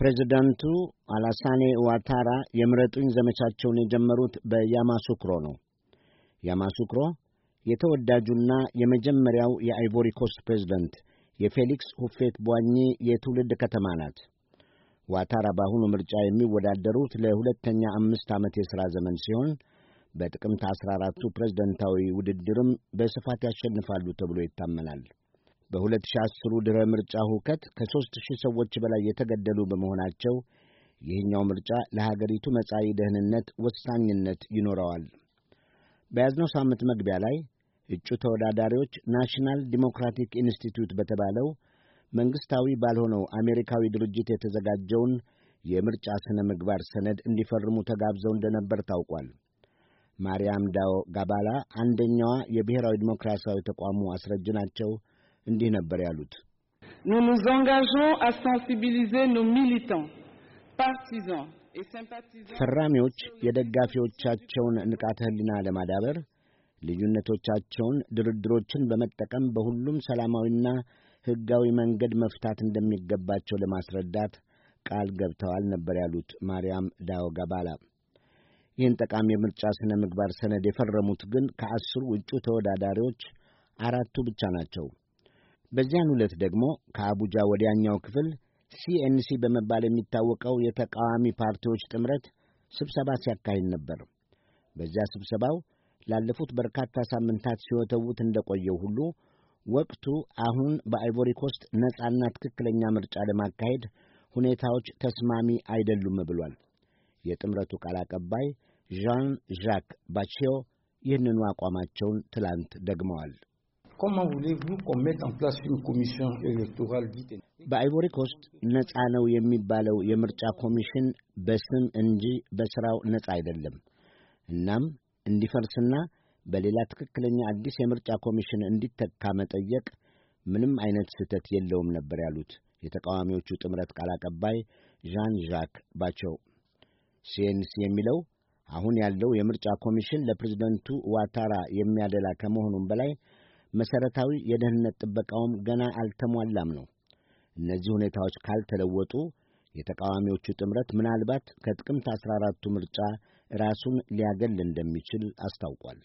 ፕሬዚዳንቱ አላሳኔ ዋታራ የምረጡኝ ዘመቻቸውን የጀመሩት በያማሱክሮ ነው። ያማሱክሮ የተወዳጁና የመጀመሪያው የአይቮሪ ኮስት ፕሬዚደንት የፌሊክስ ሁፌት ቧኚ የትውልድ ከተማ ናት። ዋታራ በአሁኑ ምርጫ የሚወዳደሩት ለሁለተኛ አምስት ዓመት የሥራ ዘመን ሲሆን በጥቅምት አስራ አራቱ ፕሬዝደንታዊ ውድድርም በስፋት ያሸንፋሉ ተብሎ ይታመናል። በ2010 ድረ ምርጫ ሁከት ከ ሺህ ሰዎች በላይ የተገደሉ በመሆናቸው ይህኛው ምርጫ ለሀገሪቱ መጻኢ ደህንነት ወሳኝነት ይኖረዋል። በያዝነው ሳምንት መግቢያ ላይ እጩ ተወዳዳሪዎች ናሽናል ዲሞክራቲክ ኢንስቲትዩት በተባለው መንግሥታዊ ባልሆነው አሜሪካዊ ድርጅት የተዘጋጀውን የምርጫ ሥነ ምግባር ሰነድ እንዲፈርሙ ተጋብዘው እንደነበር ታውቋል። ማርያም ዳዎ ጋባላ አንደኛዋ የብሔራዊ ዲሞክራሲያዊ ተቋሙ አስረጅ ናቸው። እንዲህ ነበር ያሉት። Nous nous engageons à sensibiliser nos militants, partisans et sympathisants. ፈራሚዎች የደጋፊዎቻቸውን ንቃተ ህሊና ለማዳበር ልዩነቶቻቸውን ድርድሮችን በመጠቀም በሁሉም ሰላማዊና ሕጋዊ መንገድ መፍታት እንደሚገባቸው ለማስረዳት ቃል ገብተዋል ነበር ያሉት ማርያም ዳዮ ጋባላ። ይህን ጠቃሚ የምርጫ ሥነ ምግባር ሰነድ የፈረሙት ግን ከአስሩ ውጪ ተወዳዳሪዎች አራቱ ብቻ ናቸው። በዚያን ዕለት ደግሞ ከአቡጃ ወዲያኛው ክፍል ሲኤንሲ በመባል የሚታወቀው የተቃዋሚ ፓርቲዎች ጥምረት ስብሰባ ሲያካሂድ ነበር። በዚያ ስብሰባው ላለፉት በርካታ ሳምንታት ሲወተውት እንደቆየው ሁሉ ወቅቱ አሁን በአይቮሪ ኮስት ነጻና ትክክለኛ ምርጫ ለማካሄድ ሁኔታዎች ተስማሚ አይደሉም ብሏል። የጥምረቱ ቃል አቀባይ ዣን ዣክ ባቼዮ ይህንኑ አቋማቸውን ትላንት ደግመዋል። Comment voulez-vous qu'on mette en place une commission électorale በአይቮሪ ኮስት ነፃ ነው የሚባለው የምርጫ ኮሚሽን በስም እንጂ በሥራው ነፃ አይደለም። እናም እንዲፈርስና በሌላ ትክክለኛ አዲስ የምርጫ ኮሚሽን እንዲተካ መጠየቅ ምንም አይነት ስህተት የለውም ነበር ያሉት የተቃዋሚዎቹ ጥምረት ቃል አቀባይ ዣን ዣክ ባቸው። ሲኤንሲ የሚለው አሁን ያለው የምርጫ ኮሚሽን ለፕሬዝደንቱ ዋታራ የሚያደላ ከመሆኑም በላይ መሠረታዊ የደህንነት ጥበቃውም ገና አልተሟላም ነው። እነዚህ ሁኔታዎች ካልተለወጡ የተቃዋሚዎቹ ጥምረት ምናልባት ከጥቅምት አስራ አራቱ ምርጫ ራሱን ሊያገል እንደሚችል አስታውቋል።